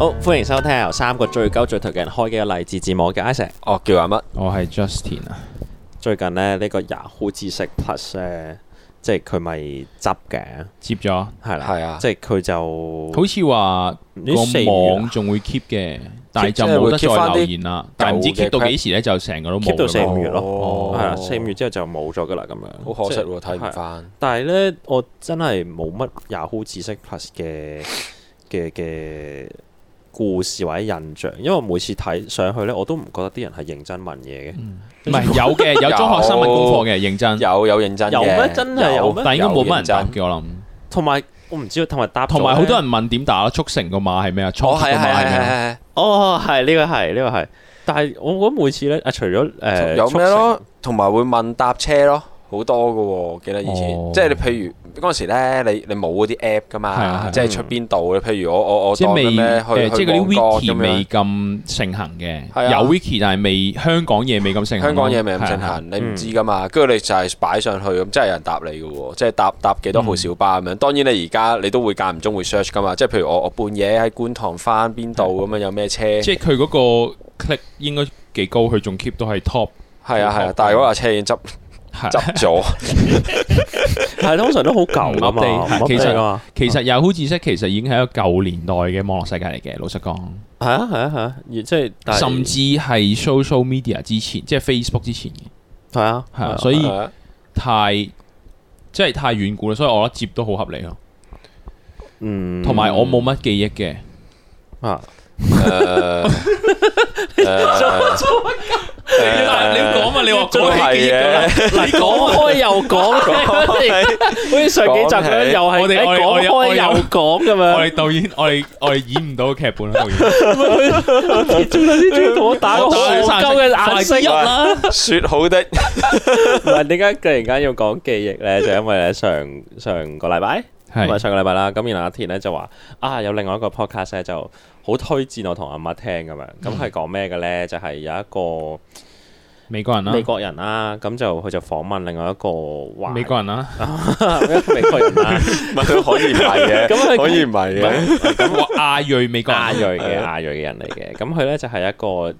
好，歡迎收聽由三個最高最 top 嘅人開嘅勵志字幕嘅，Ish，哦叫阿乜，我係 Justin 啊。最近呢，呢、這個 Yahoo 知識 Plus，即係佢咪執嘅，接咗了係啦，係啊，即係佢就，好似話個網仲會 keep 嘅，但係就冇得再留言啦。但係唔知 keep 到幾時咧，就成個都 keep 到四五月咯，係啊、哦，四五月之後就冇咗噶啦，咁樣。好可惜喎、啊，睇唔翻。但係咧，我真係冇乜 Yahoo 知識 Plus 嘅嘅嘅。故事或者印象，因為我每次睇上去咧，我都唔覺得啲人係認真問嘢嘅。唔係、嗯、有嘅，有中學生問功課嘅，認真 有有，有認真有咩真係有？有但應該冇乜人答我諗。同埋我唔知道，同埋搭。同埋好多人問點打速成個碼係咩啊？速成個碼哦，係呢、哦哦呢個係呢、呢個係。但係我覺得每次咧，啊，除咗誒、呃、有咯什成，同埋會問搭車咯，好多嘅喎、哦。記得以前，哦、即係你譬如。嗰陣時咧，你你冇嗰啲 app 噶嘛，即係出邊度嘅？譬如我我我當咁樣去去 wiki，未咁盛行嘅。係啊，有 wiki，但係未香港嘢未咁盛行。香港嘢未咁盛行，你唔知噶嘛。跟住你就係擺上去咁，真係有人搭你嘅喎。即係搭搭幾多號小巴咁樣。當然你而家你都會間唔中會 search 噶嘛。即係譬如我我半夜喺觀塘返邊度咁樣，有咩車？即係佢嗰個 click 應該幾高，佢仲 keep 到係 top。係啊係啊，但係嗰架車已經執。係，執咗，係通常都好舊啊嘛。其實，其實又好似即係，其實已經係一個舊年代嘅網絡世界嚟嘅。老實講，係啊，係啊，係啊，即係甚至係 social media 之前，即係 Facebook 之前嘅，係啊，係啊。所以太即係太遠古啦，所以我覺得接都好合理咯。嗯，同埋我冇乜記憶嘅啊。真係嘅，你講開又講，好似上幾集咁樣，又係你講開又講咁樣。我哋導演，我哋我哋演唔到劇本啊！我哋，田總老師仲要同我打個戇鳩嘅眼色啦。說好的，唔係點解突然間要講記憶咧？就因為咧上上個禮拜，係上個禮拜啦。咁然後阿田咧就話啊，有另外一個 podcast 咧就好推薦我同阿媽聽咁樣。咁係講咩嘅咧？就係有一個。美國人啦、啊，美國人啦、啊，咁就佢就訪問另外一個華、啊啊。美國人啦、啊， 啊、美國人啦、啊，唔係可以唔係嘅，咁佢可以唔係嘅。咁、啊、亞裔美國，亞裔嘅亞裔嘅人嚟嘅，咁佢咧就係一個誒、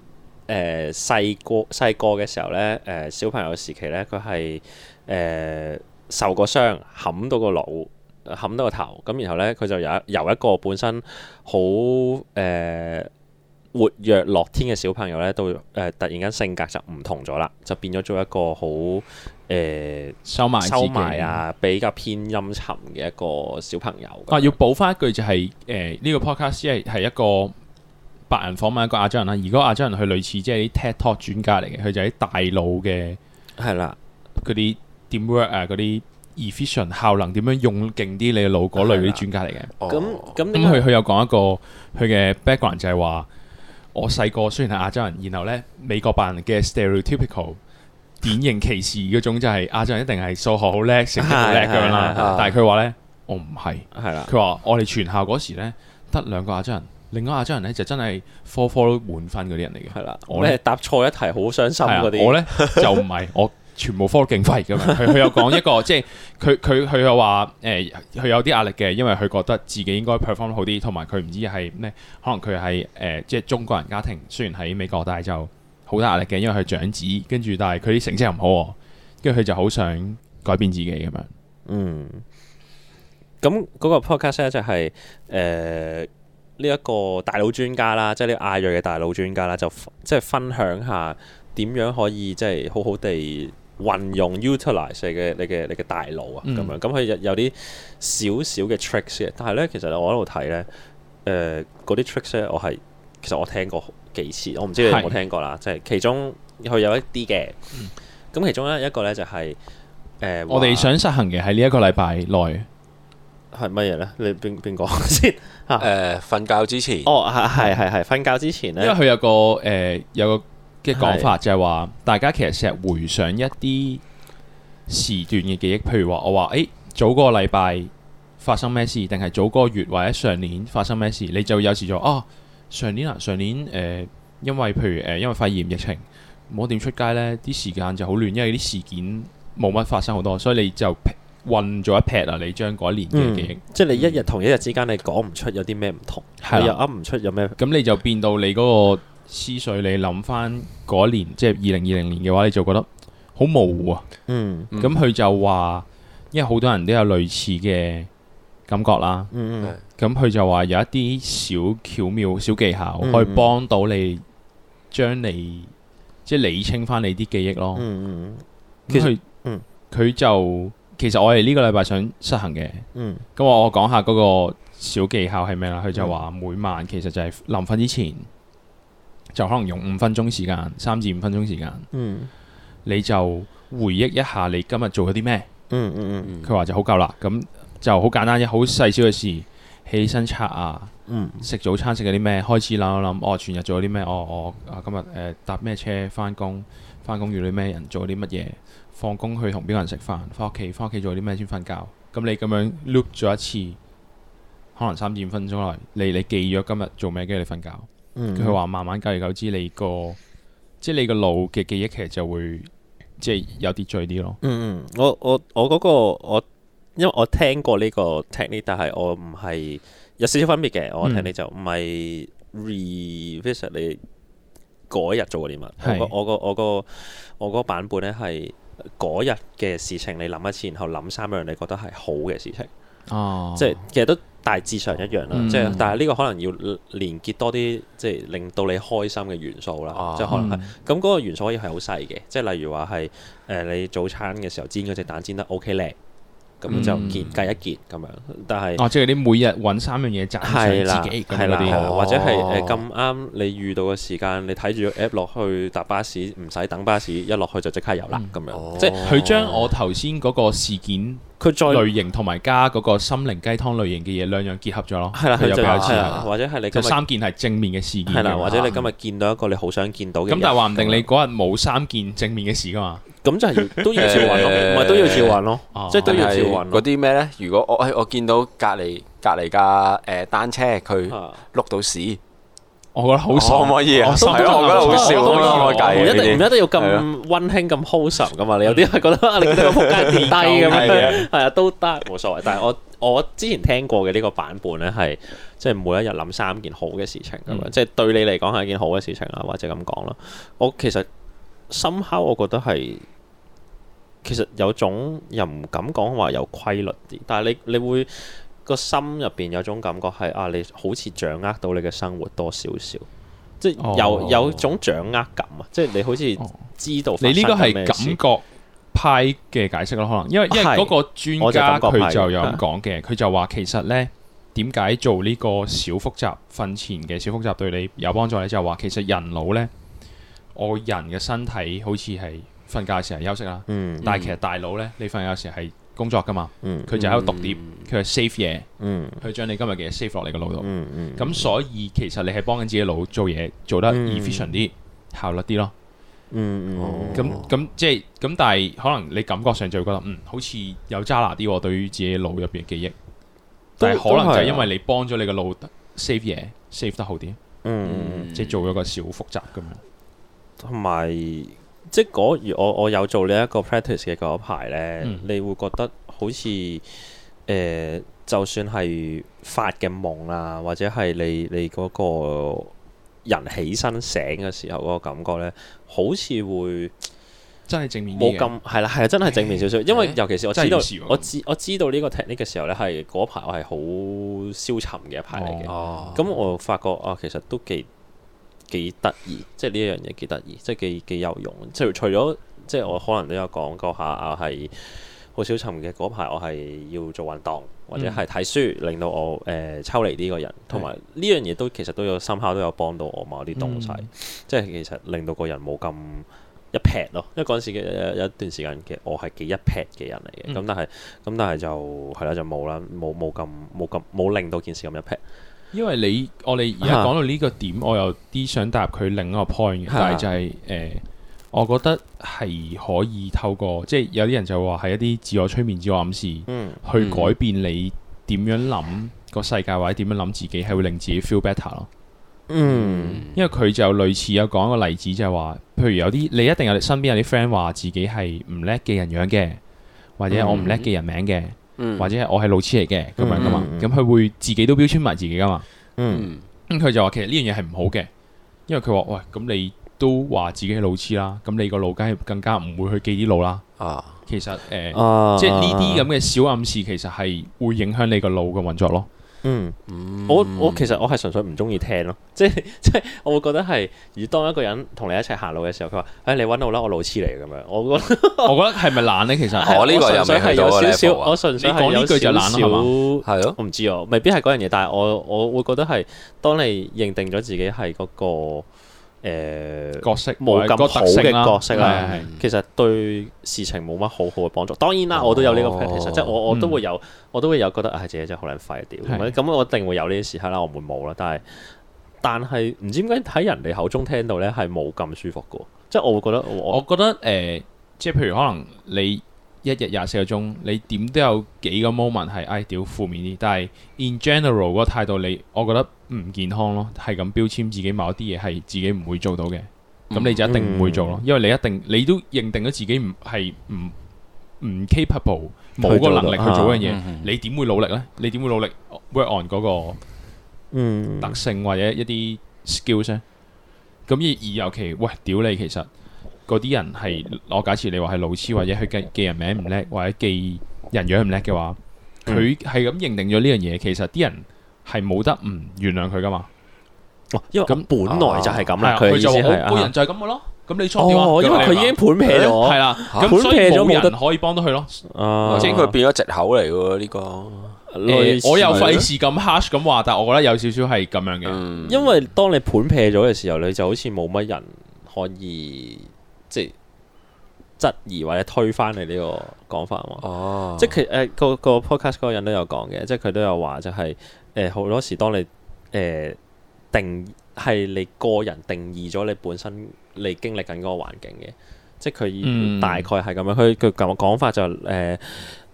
呃、細個細個嘅時候咧，誒、呃、小朋友時期咧，佢係誒受過傷，冚到個腦，冚到個頭，咁、嗯、然後咧佢就有由一個本身好誒。呃呃活躍樂天嘅小朋友咧，都、呃、誒突然間性格就唔同咗啦，就變咗做一個好誒、呃、收埋收埋啊，比較偏陰沉嘅一個小朋友。啊，要補翻一句就係誒呢個 podcast 係係一個白人訪問一個亞洲人啦。如果亞洲人佢類似即係啲 TED talk 專家嚟嘅，佢就喺大腦嘅係啦，嗰啲點 work 啊，啲 efficient 效能點樣用勁啲，你嘅腦嗰類啲專家嚟嘅。咁咁咁佢佢有講一個佢嘅 background 就係話。我細個雖然係亞洲人，然後呢，美國版嘅 stereotypical 典型歧視嗰種，就係亞洲人一定係數學好叻、成績好叻咁樣啦。但係佢話呢，我唔係。係啦的，佢話我哋全校嗰時呢，得兩個亞洲人，另外亞洲人呢，就真係科科都滿分嗰啲人嚟嘅。係啦的，我呢，答錯一題好傷心嗰啲。我呢，就唔係我。 全部科勁廢㗎嘛？佢佢有講一個，即係佢佢佢有話誒，佢、呃、有啲壓力嘅，因為佢覺得自己應該 perform 好啲，同埋佢唔知係咩，可能佢係誒，即係中國人家庭，雖然喺美國，但係就好大壓力嘅，因為佢長子，跟住但係佢啲成績又唔好，跟住佢就好想改變自己咁樣。嗯，咁嗰個 podcast 就係誒呢一個大腦專家啦，即係呢亞裔嘅大腦專家啦，就即、是、係分享下點樣可以即係、就是、好好地。運用 utilise 嘅你嘅你嘅大腦啊，咁、嗯、樣咁佢有有啲少少嘅 tricks 嘅，但係咧其實我喺度睇咧，誒、呃、嗰啲 tricks 咧我係其實我聽過幾次，我唔知你有冇聽過啦，是就係其中佢有一啲嘅，咁、嗯、其中咧一個咧就係、是、誒、呃、我哋想實行嘅喺呢一個禮拜內係乜嘢咧？你邊邊個先？誒瞓、呃、覺之前哦，係係係瞓覺之前咧，因為佢有個誒有個。呃有嘅講法就係話，大家其實成日回想一啲時段嘅記憶，譬如話我話，誒、欸、早嗰個禮拜發生咩事，定係早嗰個月或者上年發生咩事，你就有時就啊上年啊上年誒、呃，因為譬如誒、呃、因為肺炎疫情冇點出街呢，啲時間就好亂，因為啲事件冇乜發生好多，所以你就混咗一撇啊！你將嗰一年嘅記憶，嗯、即係你一日同一日之間，你講唔出有啲咩唔同，嗯、你又噏唔出有咩，咁的你就變到你嗰、嗰個。思緒，你諗翻嗰年，即係二零二零年嘅話，你就覺得好模糊啊。嗯，咁、嗯、佢就話，因為好多人都有類似嘅感覺啦。嗯嗯，咁、嗯、佢就話有一啲小巧妙小技巧，可以幫到你、嗯嗯、將你即係理清翻你啲記憶咯。嗯嗯,其嗯，其實，佢就其實我哋呢個禮拜想實行嘅。咁、嗯、我我講下嗰個小技巧係咩啦？佢就話每晚其實就係臨瞓之前。就可能用五分鐘時間，三至五分鐘時間，嗯，你就回憶一下你今日做咗啲咩，嗯嗯嗯，佢話就好夠啦，咁就好簡單嘅，好細小嘅事，起身刷牙，嗯，食早餐食咗啲咩，開始諗一諗，哦，全日做咗啲咩，哦我啊今日誒、呃、搭咩車翻工，翻工遇到咩人，做啲乜嘢，放工去同邊個人食飯，翻屋企翻屋企做啲咩先瞓覺，咁你咁樣 look 咗一次，可能三至五分鐘內，你你記咗今日做咩跟住你瞓覺。佢話、嗯、慢慢久而久之，你個即係你個腦嘅記憶，其實就會即係有啲醉啲咯。嗯嗯，我我我嗰、那個我，因為我聽過呢個 technique，但係我唔係有少少分別嘅。嗯、我聽你就唔係 revisit 你嗰日做過啲乜？我我我個我個版本咧係嗰日嘅事情，你諗一次，然後諗三樣你覺得係好嘅事情。哦，即係其實都。大致上一樣啦，即係，但係呢個可能要連結多啲，即係令到你開心嘅元素啦，即係可能係咁，嗰個元素，可以係好細嘅，即係例如話係誒，你早餐嘅時候煎嗰隻蛋煎得 OK 靚，咁就結計一結咁樣。但係哦，即係你每日揾三樣嘢讚賞自己咁，嗰啲或者係誒，咁啱你遇到嘅時間，你睇住 app 落去搭巴士，唔使等巴士，一落去就即刻有啦咁樣。即係佢將我頭先嗰個事件。佢再類型同埋加嗰個心靈雞湯類型嘅嘢，兩樣結合咗咯，又比較似。或者係你三件係正面嘅事件，或者你今日見到一個你好想見到嘅。咁但係話唔定你嗰日冇三件正面嘅事㗎嘛？咁就係都要照運，唔係都要照運咯，即係都要照運。嗰啲咩咧？如果我誒我見到隔離隔離架誒單車，佢碌到屎。我覺得好爽可以啊。我覺得好笑，可以講唔一唔一定要咁溫馨咁 wholesome 噶嘛？你有啲係覺得你仆街跌低咁樣嘅，係啊，都得冇所謂。但係我我之前聽過嘅呢個版本咧，係即係每一日諗三件好嘅事情咁樣，即係對你嚟講係一件好嘅事情啊，或者咁講啦。我其實深刻，我覺得係其實有種又唔敢講話有規律啲，但係你你會。個心入邊有種感覺係啊，你好似掌握到你嘅生活多少少，即係有、哦、有種掌握感啊！哦、即係你好似知道你呢個係感覺派嘅解釋咯，可能因為因為嗰個專家佢就有咁講嘅，佢的就話其實呢，點解做呢個小複雜瞓前嘅小複雜對你有幫助咧？就話其實人腦呢，我人嘅身體好似係瞓覺嘅時候休息啦，嗯、但係其實大腦呢，你瞓覺時候係。嗯嗯工作噶嘛，佢就喺度讀碟，佢係 save 嘢，佢將你今日嘅 save 落你個腦度。咁所以其實你係幫緊自己腦做嘢，做得 efficient 啲，效率啲咯。咁咁、嗯嗯哦、即係咁，但係可能你感覺上就會覺得，嗯，好似有 challenge 啲，對於自己腦入邊嘅記憶。但係可能都是 就因為你幫咗你個腦 save 嘢，save 得好啲，即係、嗯嗯、做咗個小好複雜咁樣。同埋。即嗰如我我有做呢一個 practice 嘅嗰一排咧，嗯、你會覺得好似誒、呃、就算係發嘅夢啊，或者係你你嗰個人起身醒嘅時候嗰個感覺咧，好似會真係正面冇咁係啦，係啊，啊，真係正面少少，因為尤其是我知道我知我知道呢個 technique 嘅時候咧，係嗰一排我係好消沉嘅一排嚟嘅，咁、哦啊、我發覺啊，其實都幾。幾得意，即係呢一樣嘢幾得意，即係幾幾有用。即除除咗即係我可能都有講過下我小，係好少沉嘅嗰排，我係要做運動或者係睇書，令到我誒、呃、抽離呢個人。同埋呢樣嘢都其實都有深刻，都有幫到我某啲東西。嗯、即係其實令到個人冇咁一劈咯。因為嗰陣時嘅有一段時間嘅我係幾一劈嘅人嚟嘅。咁、嗯、但係咁但係就係啦，就冇啦，冇冇咁冇咁冇令到件事咁一劈。因為你我哋而家講到呢個點，啊、我有啲想答佢另一個 point、啊、但係就係、是呃、我覺得係可以透過即係有啲人就話係一啲自我催眠，自我暗示，嗯、去改變你點樣諗個世界或者點樣諗自己，係會令自己 feel better 咯、嗯。嗯，因為佢就類似有講一個例子，就係、是、話，譬如有啲你一定有你身邊有啲 friend 話自己係唔叻嘅人樣嘅，或者我唔叻嘅人名嘅。嗯嗯或者係我係路痴嚟嘅咁樣噶嘛，咁佢、嗯、會自己都標籤埋自己噶嘛，咁佢、嗯嗯、就話其實呢樣嘢係唔好嘅，因為佢話喂，咁你都話自己係路痴啦，咁你個腦梗係更加唔會去記啲路啦，啊，其實誒，呃啊、即係呢啲咁嘅小暗示，其實係會影響你個腦嘅運作咯。嗯，我我其實我係純粹唔中意聽咯，即係即係我會覺得係，而當一個人同你一齊行路嘅時候，佢話，哎，你搵到啦，我路痴嚟咁樣，我我我覺得係咪懶咧？其實、哦、 我呢、哦這個又未有少少。我純粹講呢句就懶啦係咯，我唔知啊，未必係嗰樣嘢，但係我我會覺得係，當你認定咗自己係嗰、嗰個。誒，呃、角色冇咁好嘅角色啦，啊、其實對事情冇乜好好嘅幫助。是是是當然啦，我都有呢個 practice 即係我、嗯、我都會有，我都會有覺得，唉、哎，自己真係好浪費啊屌！咁是的 我一定會有呢啲時刻啦，我唔會冇啦。但係但係唔知點解喺人哋口中聽到咧係冇咁舒服噶，即係我會覺得，我我覺得誒、呃，即係譬如可能你。一日廿四個鐘，你點都有幾個 moment 係唉屌負面啲，但係 in general 嗰個態度你，我覺得唔健康咯，係咁標籤自己某一啲嘢係自己唔會做到嘅，咁你就一定唔會做咯，因為你一定你都認定咗自己唔係唔唔 capable，冇個能力去做一樣嘢，你點會努力呢？你點會努力 work on 嗰個嗯特性或者一啲 skills 呢？咁而而尤其喂屌你其實。嗰啲人係，我假設你話係老師，或者佢記記人名唔叻，或者記人樣唔叻嘅話，佢係咁認定咗呢樣嘢。其實啲人係冇得唔原諒佢噶嘛。因為，咁本來就係咁啦，佢就意思係個人就係咁嘅咯。咁你錯點話？哦，因為佢已經判撇咗，係啦，咁所以冇人可以幫到佢咯。啊，即係佢變咗藉口嚟嘅呢個。誒，我又費事咁 harsh 咁話，但係我覺得有少少係咁樣嘅。因為當你判撇咗嘅時候，你就好似冇乜人可以質疑或者推翻你呢個講法哦，即係誒、呃嗰個、嗰個 podcast 嗰人都有講嘅，即係佢都有話就係誒好多時當你誒、呃、定係你個人定義咗你本身你經歷緊嗰個環境嘅，即係佢大概係咁樣。佢佢咁講法就誒、係呃，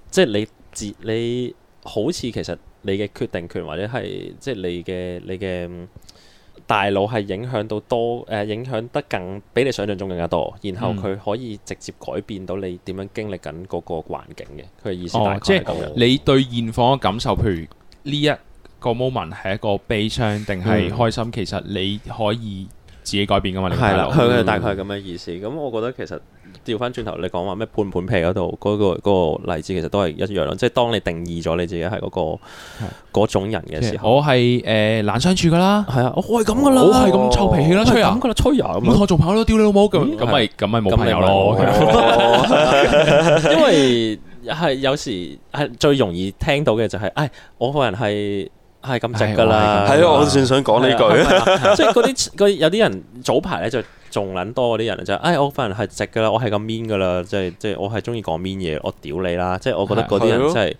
即係你自你好似其實你嘅決定權或者係即係你嘅你嘅。你大腦係影響到多，誒、呃、影響得更比你想象中更加多，然後佢可以直接改變到你點樣經歷緊嗰個環境嘅。佢嘅意思大概係咁樣。哦、即係你對現況嘅感受，譬如呢一、呢個 moment 係一個悲傷定係開心，嗯、其實你可以自己改變噶嘛。係啦、嗯，佢大概係咁嘅意思。咁、嗯、我覺得其實。調翻轉頭，你講話咩？判判皮嗰度嗰個例子，其實都係一樣咯。即係當你定義咗你自己係嗰個嗰種人嘅時候，我係誒難相處噶啦。係啊，我係咁噶啦，我係咁臭脾氣啦，吹啊，咁噶啦，吹啊，我仲跑咗屌你老母咁，咁咪咁咪冇朋友咯。因為係有時係最容易聽到嘅就係，唉，我個人係係咁直噶啦。係啊，我先想講呢句，即係嗰啲有啲人早排咧就。仲捻多嗰啲人就，哎，我份人係直噶啦，我係咁 mean 噶啦，即係即係我係中意講 mean 嘢，我屌你啦，即係我覺得嗰啲人真係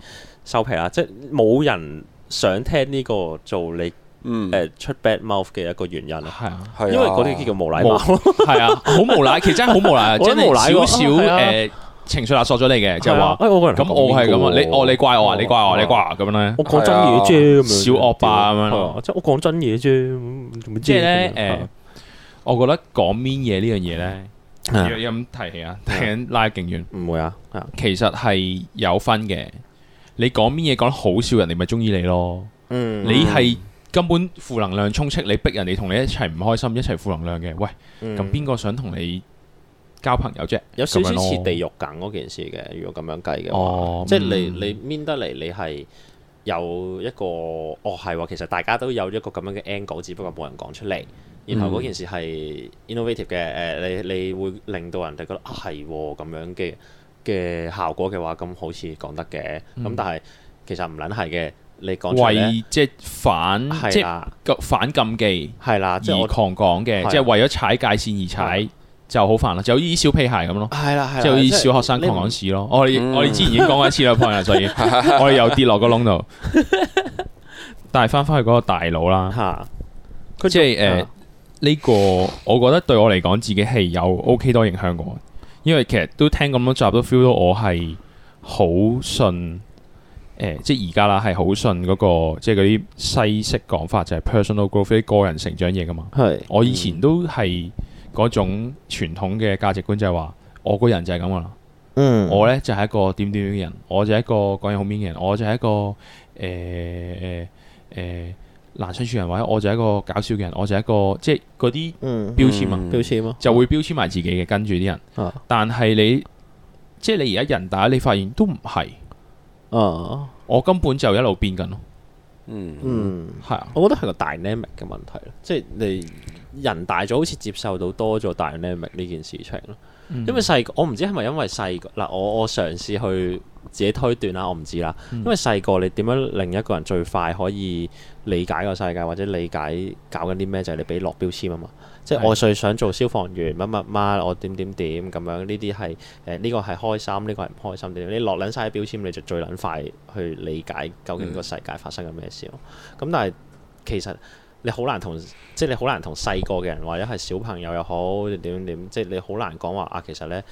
收皮啦，即係冇人想聽呢個做你，誒出 bad mouth 嘅一個原因，因為嗰啲叫冇禮貌，係啊，好無賴，其實真係好無賴啊，即係少少誒情緒勒索咗你嘅即係話，咁我係咁啊，你我你怪我啊，你怪我，你怪啊咁樣咧，我講真嘢啫，少惡霸咁樣，即係我講真嘢啫，即係咧誒。我覺得講 mean 嘢呢樣嘢呢，若、啊、要咁提起，提起啊，拉勁遠，唔會啊。啊其實係有分嘅。你講 mean 嘢講得好笑，人哋咪中意你咯。嗯、你係根本負能量充斥，你逼人哋同你一齊唔開心，一齊負能量嘅。喂，咁邊個想同你交朋友啫？有少少似地獄梗嗰件事嘅，如果咁樣計嘅話，哦、即係你你搣得嚟，你係、嗯、有一個，哦係喎，其實大家都有一個咁樣嘅 angle，只不過冇人講出嚟。然後嗰件事係 innovative 嘅，誒，你你會令到人哋覺得啊係咁樣嘅嘅效果嘅話，咁好似講得嘅。咁但係其實唔撚係嘅，你講錯為即係反即反禁忌係啦，而狂講嘅，即係為咗踩界線而踩就好煩啦，就好似啲小屁孩咁咯，係啦，即係小學生狂講屎咯。我我哋之前已經講過一次啦，朋友，所以我哋又跌落個窿度，但係翻返去嗰個大佬啦，佢即係誒。呢、這個我覺得對我嚟講自己係有 O、OK、K 多影響過，因為其實都聽咁多集都 feel 到我係好信，呃、即係而家啦係好信嗰、那個即係嗰啲西式講法，就係、是、personal growth 啲個人成長嘢噶嘛。係是，我以前都係嗰種傳統嘅價值觀，就係、是、話我個人就係咁噶啦。嗯，我呢就係、是、一個點點嘅人，我就係一個講嘢好 mean 嘅人，我就係一個誒誒。呃呃呃難相處人，或者我就一個搞笑嘅人，我就一個即係嗰啲標籤、嗯嗯、啊，標籤咯，就會標籤埋自己嘅，跟住啲人。啊、但係你即係你而家人大，你發現都唔係。啊，我根本就一路變緊咯。嗯嗯，係啊，我覺得係個 dynamic 嘅問題咯，即係你人大咗好似接受到多咗 dynamic 呢件事情咯。嗯、因為細個我唔知係咪因為細個嗱，我我嘗試去。自己推斷啦，我唔知啦。因為細個你點樣令一個人最快可以理解個世界，或者理解搞緊啲咩，就係、係、你俾落標籤啊嘛。即係我最想做消防員乜乜乜，我點點點咁樣呢啲係誒，呢個係開心，呢、呢個係唔開心啲。你落撚晒啲標籤，你就最撚快去理解究竟個世界發生緊咩事。咁、嗯、但係其實你好難同，即係你好難同細個嘅人，或者係小朋友又好點點點，即係你好難講話啊。其實呢。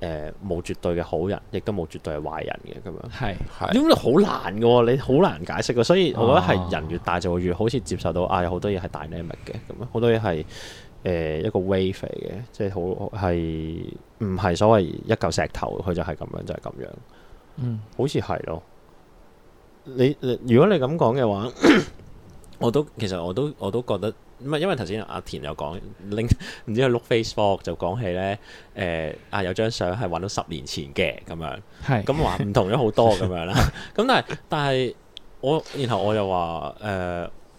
誒冇、呃、絕對嘅好人，亦都冇絕對係壞人嘅咁樣。係係，因為好難嘅喎、啊，你好難解釋嘅。所以我覺得係人越大就會越好似接受到啊，有好多嘢係 dynamic 嘅，咁樣好多嘢係誒一個 wave 嚟嘅，即係好係唔係所謂一嚿石頭，佢就係咁樣就係咁樣。就是樣嗯、好似係咯。你，你如果你咁講嘅話， 我都其實我都我都覺得。咁啊，因為頭先阿田又講拎唔知佢碌 Facebook 就講起咧，誒、呃、啊有張相係揾到十年前嘅咁樣，係咁話唔同咗好多咁 樣啦。咁但係但係我然後我又話誒，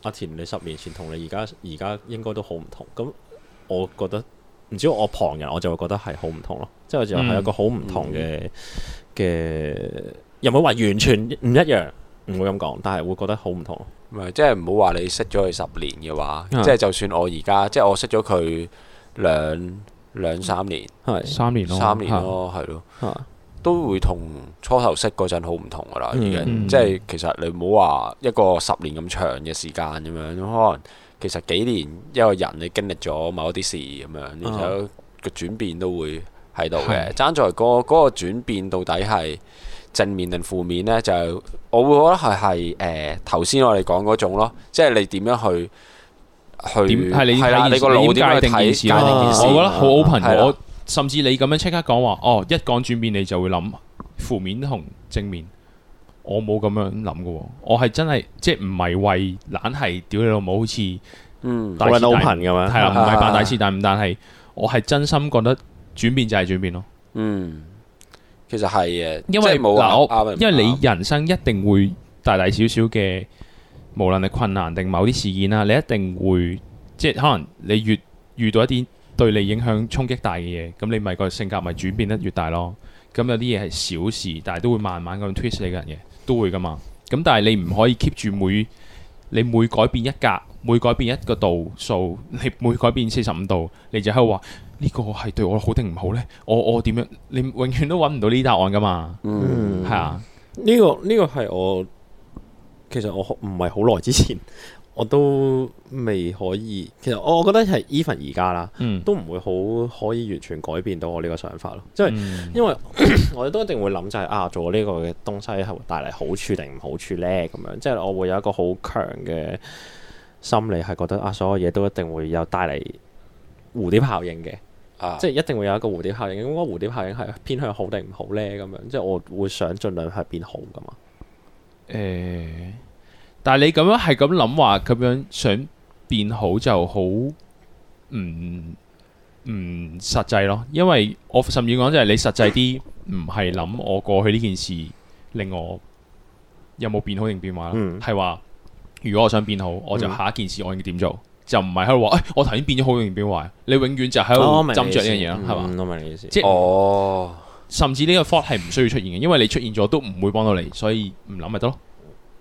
阿田，你十年前同你而家而家應該都好唔同。咁我覺得唔知我旁人我就會覺得係好唔同咯，即係就係、是、一個好唔同嘅嘅，有冇話完全唔一樣？唔會咁講，但係會覺得好唔同。即係唔好話你識咗佢十年嘅話，的即係就算我而家即係我識咗佢兩兩三年，係三年咯，三年咯，係咯，都會同初頭識嗰陣好唔同噶啦。已經、嗯、哼即係其實你唔好話一個十年咁長嘅時間咁樣，可能其實幾年一個人你經歷咗某一啲事咁樣，然後個轉變都會。喺度嘅爭在嗰嗰個轉變到底係正面定負面咧？就我會覺得係係誒頭先我哋講嗰種咯，即係你點樣去去係你係你個腦點去睇？我覺得好 open，我甚至你咁樣即刻講話哦，一講轉變你就會諗負面同正面。我冇咁樣諗㗎，我係真係即係唔係為懶係屌你老母好似嗯大師 open 咁樣，係啊，唔係扮大師，但係我係真心覺得。轉變就係轉變咯。嗯，其實係嘅，因為嗱我，嗯、因為你人生一定會大大少少嘅，無論係困難定某啲事件啦，你一定會即係可能你越遇到一啲對你影響衝擊大嘅嘢，咁你咪個性格咪轉變得越大咯。咁有啲嘢係小事，但係都會慢慢咁 twist 你嘅嘢，都會噶嘛。咁但係你唔可以 keep 住每你每改變一格。每改變一個度數，你每改變四十五度，你就喺度話呢個係對我好定唔好呢？我我點樣？你永遠都揾唔到呢答案，噶嘛？嗯，係啊嗎。呢、這個呢、這個係我其實我唔係好耐之前我都未可以。其實我我覺得係 even 而家啦，嗯、都唔會好可以完全改變到我呢個想法咯。即係因為，、嗯、因為咳咳我哋都一定會諗就係、是、啊，做呢個嘅東西係會帶嚟好處定唔好處呢？咁樣即係我會有一個好強嘅。心理係覺得啊，所有嘢都一定會有帶嚟蝴蝶效應嘅，啊、即係一定會有一個蝴蝶效應。咁個蝴蝶效應係偏向好定唔好呢？咁樣即係我會想盡量係變好㗎嘛。欸、但係你咁樣係咁諗話，咁樣想變好就好唔唔實際咯。因為我甚至講就係你實際啲，唔係諗我過去呢件事令我有冇變好定變壞啦，係話、嗯。如果我想變好，我就下一件事我應該點做？嗯、就唔係喺度話，誒、哎、我頭先變咗好，容易變壞。你永遠就喺度斟酌呢樣嘢啦，係嘛？我明你意思。即係哦，嗯、甚至呢個 fault 係唔需要出現嘅，因為你出現咗都唔會幫到你，所以唔諗咪得咯。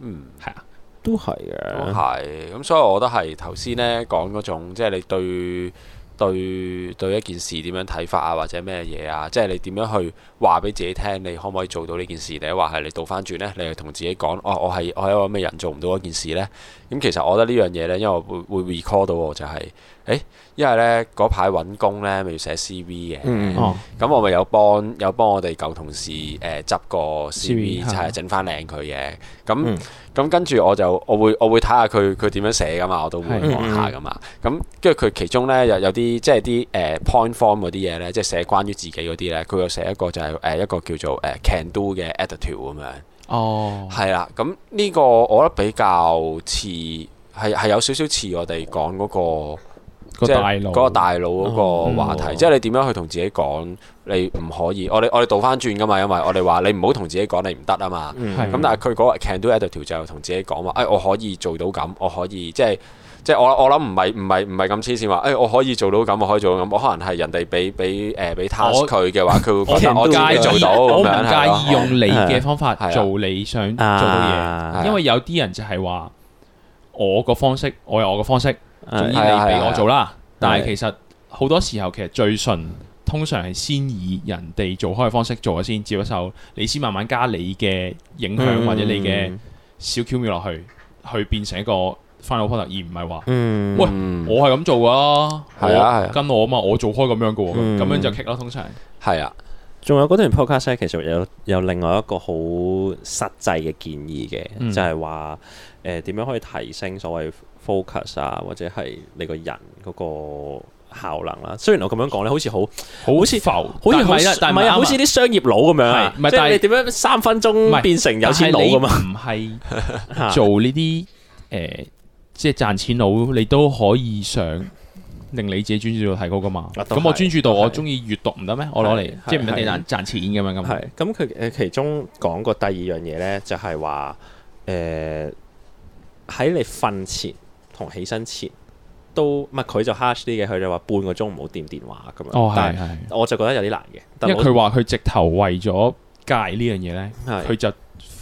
嗯，係啊嗎，都係嘅，都係、哦。咁所以我都係頭先咧講嗰種，即、就、係、是、你對。對對一件事點樣睇法啊，或者咩嘢啊，即係你點樣去話俾自己聽，你可唔可以做到呢件事？定話係你倒翻轉呢？你係同自己講，哦，啊，我係我係一個咩人做唔到一件事呢？嗯，咁其實我覺得呢樣嘢呢，因為我會會 recall 到就係、是。誒、哎，因為咧嗰排揾工咧，咪要寫 C.V. 嘅，咁、嗯、我咪有幫有幫我哋舊同事誒執個 C.V. 就係整翻靚佢嘅。咁咁、嗯、跟住我就我會我會睇下佢佢點樣寫㗎嘛，我都會望下㗎嘛。咁跟住佢其中咧有有啲即係啲誒 point form 嗰啲嘢咧，即係寫關於自己嗰啲咧，佢有寫一個就係、是、誒、呃、一個叫做誒、呃、can do 嘅 attitude 咁樣。哦，係啦，咁呢個我覺得比較似係係有少少似我哋講嗰個。即係嗰個大腦嗰個話題，即係你點樣去同自己講你唔可以？我哋我哋倒翻轉噶嘛，因為我哋話你唔好同自己講你唔得啊嘛。咁但係佢嗰個 can do attitude 就同自己講話，誒我可以做到咁，我可以即係即係我我諗唔係唔係唔係咁黐線話，誒我可以做到咁，我可以做到咁。我可能係人哋俾俾誒俾 task 佢嘅話，佢會覺得我介意做，我唔介意用你嘅方法做你想做到嘢。因為有啲人就係話我個方式，我有我個方式，建議你俾我做啦，啊啊啊啊、但係其實好多時候其實最純，通常係先以人哋做開嘅方式做先，接一手，你先慢慢加你嘅影響或者你嘅小巧妙落去，去變成一個 final product，而唔係話，嗯、喂，我係咁做啊，係啊係，啊我跟我啊嘛，我做開咁樣噶，咁樣就棘啦，通常係啊。仲有嗰段 podcast 咧，其實有有另外一個好實際嘅建議嘅，嗯、就係話誒點樣可以提升所謂 focus 啊，或者係你個人嗰個效能啦、啊。雖然我咁樣講咧，好似好好像似浮，好似係啦，但係好似像啲是商業佬咁樣，即係是是你點樣三分鐘變成有錢佬咁樣，唔係做呢啲誒即係賺錢佬，你都可以上。令你自己專注度提高噶嘛？咁我專注度我中意閲讀唔得咩？我攞嚟即係唔畀你賺賺錢咁樣咁。係咁佢誒其中講過第二樣嘢咧，就係話誒喺你瞓前同起身前都唔係佢就 hush 啲嘅，佢就話半個鐘唔好掂電話咁樣。哦，係係，我就覺得有啲難嘅。因為佢話佢直頭為咗戒呢樣嘢咧，佢就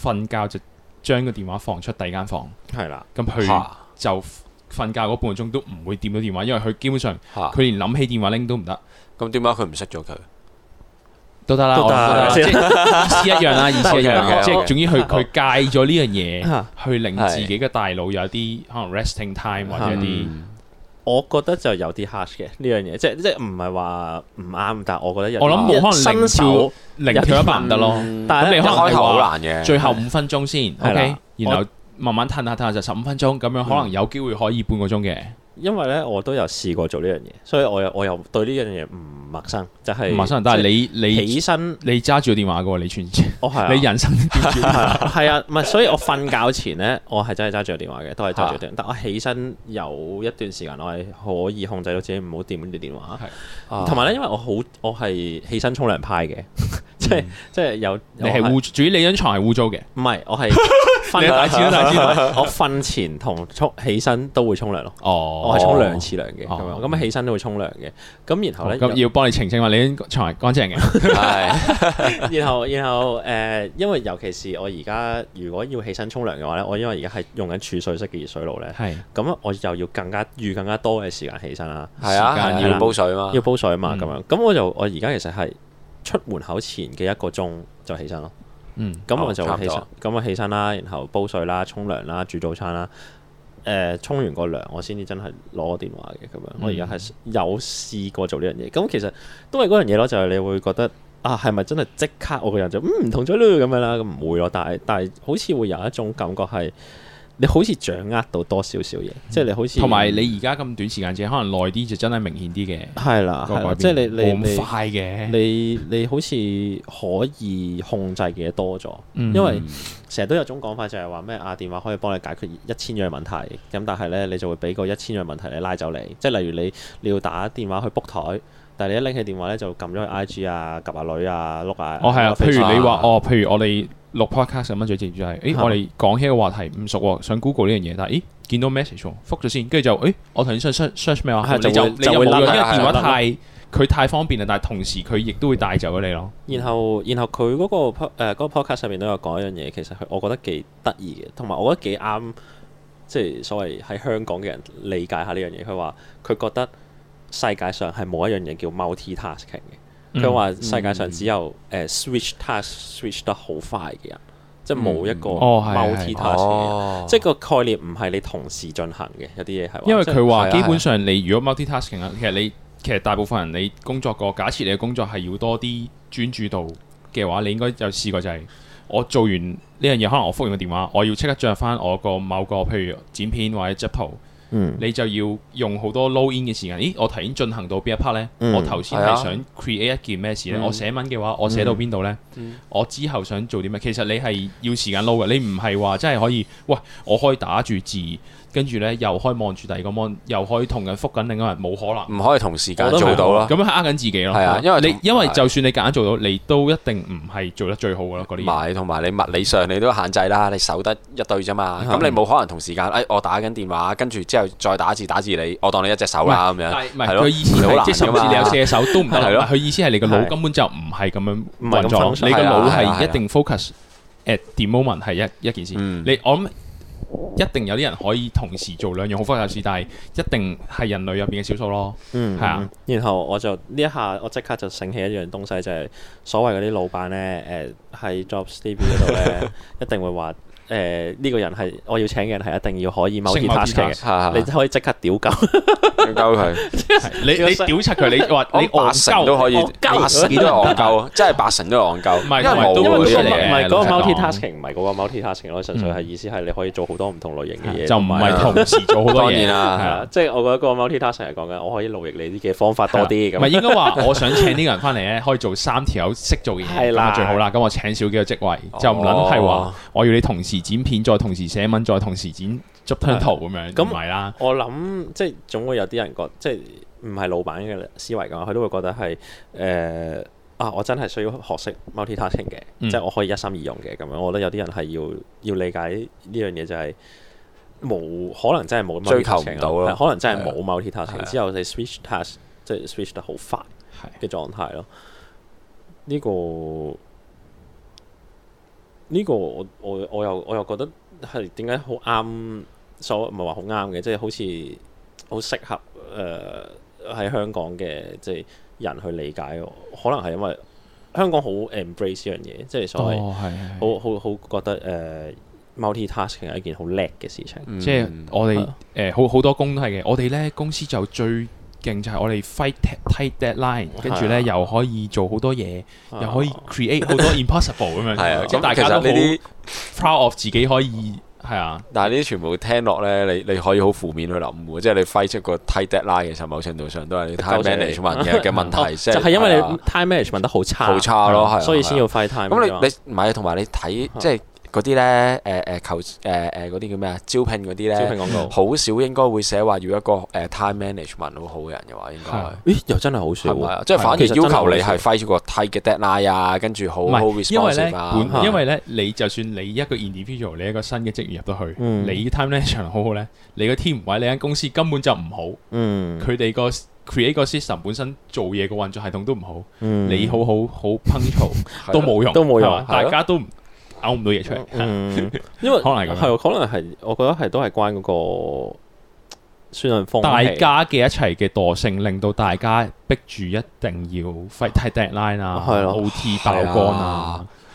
瞓覺就將個電話放出第二間房。係啦，咁佢就。瞓覺嗰半個鐘都唔會掂到電話，因為佢基本上佢連諗起電話拎都唔得。咁點解佢唔識咗佢？都得啦，意思一樣啦，意思一樣嘅，即係總之佢佢戒咗呢樣嘢，去令自己嘅大腦有啲可能 resting time 或者啲。我覺得就有啲 harsh 嘅呢樣嘢，即係即係唔係話唔啱，但係我覺得我諗冇可能零跳零跳一百唔得咯。但係你開頭好難嘅，最後五分鐘先，OK，然後。慢慢褪下褪下就十五分鐘，咁樣可能有機會可以半個鐘嘅。因為咧，我都有試過做呢樣嘢，所以我又我又對呢樣嘢唔陌生，就係唔陌生。但係你你起身，你揸住個電話嘅，你全程，你人生係啊，唔係。所以我瞓覺前咧，我係真係揸住個電話嘅，都係揸住電。但我起身有一段時間，我係可以控制到自己唔好掂呢啲電話。同埋咧，因為我好，我係起身沖涼派嘅，即係即係有。你係污住？你張床係污糟嘅？唔係，我係。我瞓前同沖起身都會沖涼咯。哦，我係沖兩次涼嘅，咁樣我起身都會沖涼嘅。咁然後咧，要幫你澄清話你啲牀係乾淨嘅。係。然後，然後誒，因為尤其是我而家如果要起身沖涼嘅話咧，我因為而家係用緊儲水式嘅熱水爐咧，係。咁樣我又要更加預更加多嘅時間起身啦。係啊，要煲水嘛，要煲水嘛，咁樣。咁我就我而家其實係出門口前嘅一個鐘就起身咯。嗯，咁我就起身，咁我、哦、起身啦，然後煲水啦、沖涼啦、煮早餐啦。誒、呃，沖完個涼，我先至真係攞電話嘅咁樣。嗯、我而家係有試過做呢樣嘢，咁其實都係嗰樣嘢咯，就係、是、你會覺得啊，係咪真係即刻我個人就唔、嗯、同咗啦咁樣啦？咁唔會咯，但係但係好似會有一種感覺係你好似掌握到多少少嘢，嗯、即係你好似同埋你而家咁短時間，啫，可能耐啲就真係明顯啲嘅。係啦的，即係、就係、你你你咁快嘅，你你好似可以控制嘅嘢多咗，嗯、因為成日都有種講法就係話咩啊電話可以幫你解決一千樣問題，咁但係咧你就會俾個一千樣問題你拉走你，即係例如你你要打電話去 book 台，但係你一拎起電話咧就撳咗去 IG 啊、及下女啊、碌下哦係啊，譬、哦、如你話、啊、哦，譬如我哋。六 Podcast 卡十最直接就係，誒吧我哋講起個話題唔熟，想 Google 呢樣嘢，但係咦，見到 message，覆咗先，跟住就，誒、哎、我頭先 search search 咩話，的就會你就的因為電話太佢太方便啦，但係同時佢亦都會帶走咗你咯的。然後然後佢嗰個、呃那個、Podcast 上面都有講一樣嘢，其實佢我覺得幾得意嘅，同埋我覺得幾啱，即、就、係、是、所謂喺香港嘅人理解下呢樣嘢。佢話佢覺得世界上係冇一樣嘢叫 multi-tasking 嘅。佢話世界上只有誒、嗯呃、switch task switch 得好快嘅人，嗯、即係冇一個 multi tasking、哦、即係個概念唔係你同時進行嘅一啲嘢係。因為佢話即基本上你如果 multi tasking 啊，asking，嗯、其實你其實大部分人你工作過，假設你嘅工作係要多啲專注度嘅話，你應該有試過就係、是、我做完呢樣嘢，可能我覆完個電話，我要即刻著翻我個某個譬如剪片或者 p 執圖。你就要用好多 load in 嘅時間。咦，我頭先進行到邊一 part 呢？嗯、我頭先係想 create 一件咩事呢？嗯、我寫文嘅話，我寫到邊度呢？嗯、我之後想做啲咩？其實你係要時間 load 嘅，你唔係話真係可以。喂，我可以打住字。跟住咧，又可以望住第二個 mon，又可以同緊覆緊另一人，冇可能。唔可以同時間做到咯。咁樣係呃緊自己咯。係啊，因為你因為就算你夾硬做到，你都一定唔係做得最好噶咯。嗰啲。係，同埋你物理上你都限制啦，你守得一對啫嘛。咁你冇可能同時間，哎，我打緊電話，跟住之後再打字打字你，我當你一隻手啦咁樣。唔係唔係，佢意思係即係甚至你有四隻手都唔得咯。佢意思係你個腦根本就唔係咁樣運作。你個腦係一定 focus at the moment 係一一件事。你，我諗。一定有啲人可以同時做兩樣好複雜事，但係一定係人類入邊嘅少數咯。嗯，係啊。然後我就呢一下，我即刻就醒起一樣東西，就係、是、所謂嗰啲老闆呢，誒、呃、喺 JobsDB 嗰度呢， 一定會話誒，呢個人係我要請嘅人係一定要可以某件 task 嘅，你可以即刻屌狗。 佢，你你屌柒佢，你話你惡鳩都可以，惡鳩幾多惡鳩啊？真係八成都係惡鳩，唔係因為我嘅嘢嚟 Multi-tasking 唔係嗰個 multi-tasking 咯，純粹係意思係你可以做好多唔同類型嘅嘢，就唔係同時做好多嘢。當然啦，係啊，即係我覺得嗰個 multi-tasking 係講緊，我可以勞役你啲嘅方法多啲。唔係應該話，我想請呢個人翻嚟咧，可以做三條友識做嘅嘢咁就最好啦。咁我請少幾個職位，就唔諗係話我要你同時剪片，再同時寫文，再同時剪。咁樣，咁唔係啦。我諗即係總會有啲人覺，即係唔係老闆嘅思維㗎嘛？佢都會覺得係誒、呃、啊！我真係需要學識 multi-tasking 嘅，嗯、即係我可以一心二用嘅咁樣。我覺得有啲人係要要理解呢樣嘢，就係冇可能真係冇追求唔到咯。可能真係冇 multi-tasking，之後你 switch task，即係 switch 得好快嘅狀態咯。呢、呢個呢、呢個我我、呢個呢個、我又，又我又覺得係點解好啱。.所唔係話好啱嘅，即係好似好適合誒喺香港嘅即係人去理解，可能係因為香港好 embrace 呢樣嘢，即係所謂係好好好覺得誒 multitasking 係一件好叻嘅事情。即係我哋誒好好多工都係嘅，我哋咧公司就最勁就係我哋 fight tight deadline，跟住咧又可以做好多嘢，又可以 create 好多 impossible 咁樣。係啊，咁大家都啲 proud of 自己可以。係啊，但係呢啲全部聽落咧，你你可以好負面去諗嘅。即係你揮出個 tight deadline 其實某程度上都係 time management 嘅問題，即係、 啊就係因為你、time management 問得好差，好 差咯，係 對，所以先要揮 time 咁你你唔係，同埋你睇即係。 嗰啲咧，誒誒求誒誒嗰啲叫咩啊？招聘嗰啲咧，招聘廣告好少，應該會寫話要一個誒 time management 好好嘅人嘅話，應該咦又真係好少，即係反而要求你係快超過 tight deadline 啊，跟住好因為咧，因為咧，你就算你一個 individual，你一個新嘅職員入到去，你 time management 好好咧，你個 team 位你間公司根本就唔好，佢哋個 create 個 system 本身做嘢個運作系統都唔好，你好好好 punctual 都冇用，都冇用，大家都。唔。搞唔到嘢出嚟，嗯、是因為可能係係，可能係，我覺得係都係關嗰個信任風氣大家嘅一齊嘅惰性，令到大家逼住一定要快提 deadline 啊，係 OT 爆乾啊。啊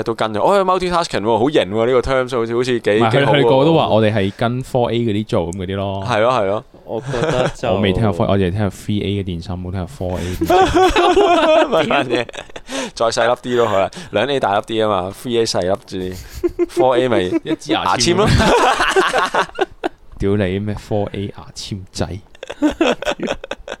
都跟咗，哦，multi-tasking，哦這個、好型喎，呢個 terms 好似好似幾，佢去，好去過都話我哋係跟 four a 嗰啲做咁嗰啲咯。係咯，係咯，啊、我覺得就我未聽過 four，我淨係聽過 three a 嘅電芯，冇聽過 four a。乜嘢？ 再細粒啲咯，係啦，兩 a 大粒啲啊嘛，three a 細粒啲，four a 咪一支牙籤咯。屌你咩？four a 牙籤仔。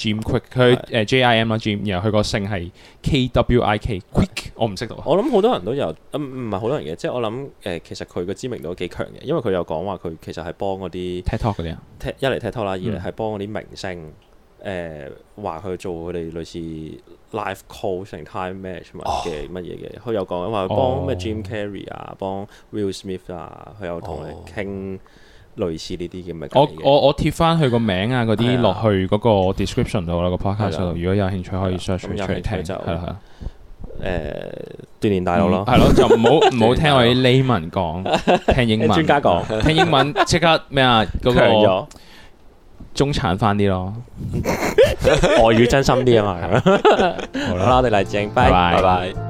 Jim Kwik，佢誒 J I M 啊，Jim 然後佢個姓係 K W I K Kwik，我唔識讀。我諗好多人都有，唔唔係好多人嘅，即係我諗誒、呃，其實佢個知名度幾強嘅，因為佢有講話佢其實係幫嗰啲 TikTok 嗰啲啊，TikTok 一嚟 TikTok 啦，二嚟係幫嗰啲明星誒話佢做佢哋類似 life coaching 同 time management 嘅乜嘢嘅。佢、oh. 有講話幫咩 Jim Carrey 啊，幫 Will Smith 啊，佢有同佢傾。類似呢啲嘅咪，我我我貼翻佢個名啊嗰啲落去嗰個 description 度啦，個 podcast 度。如果有興趣可以 search 出嚟聽就係啦。誒，鍛鍊大腦咯，係咯，就唔好唔好聽我啲 lay 文講，聽英文，專家講，聽英文，即刻咩啊？強咗中產翻啲咯，外語真心啲啊嘛。好啦，我哋嚟正，拜拜拜拜。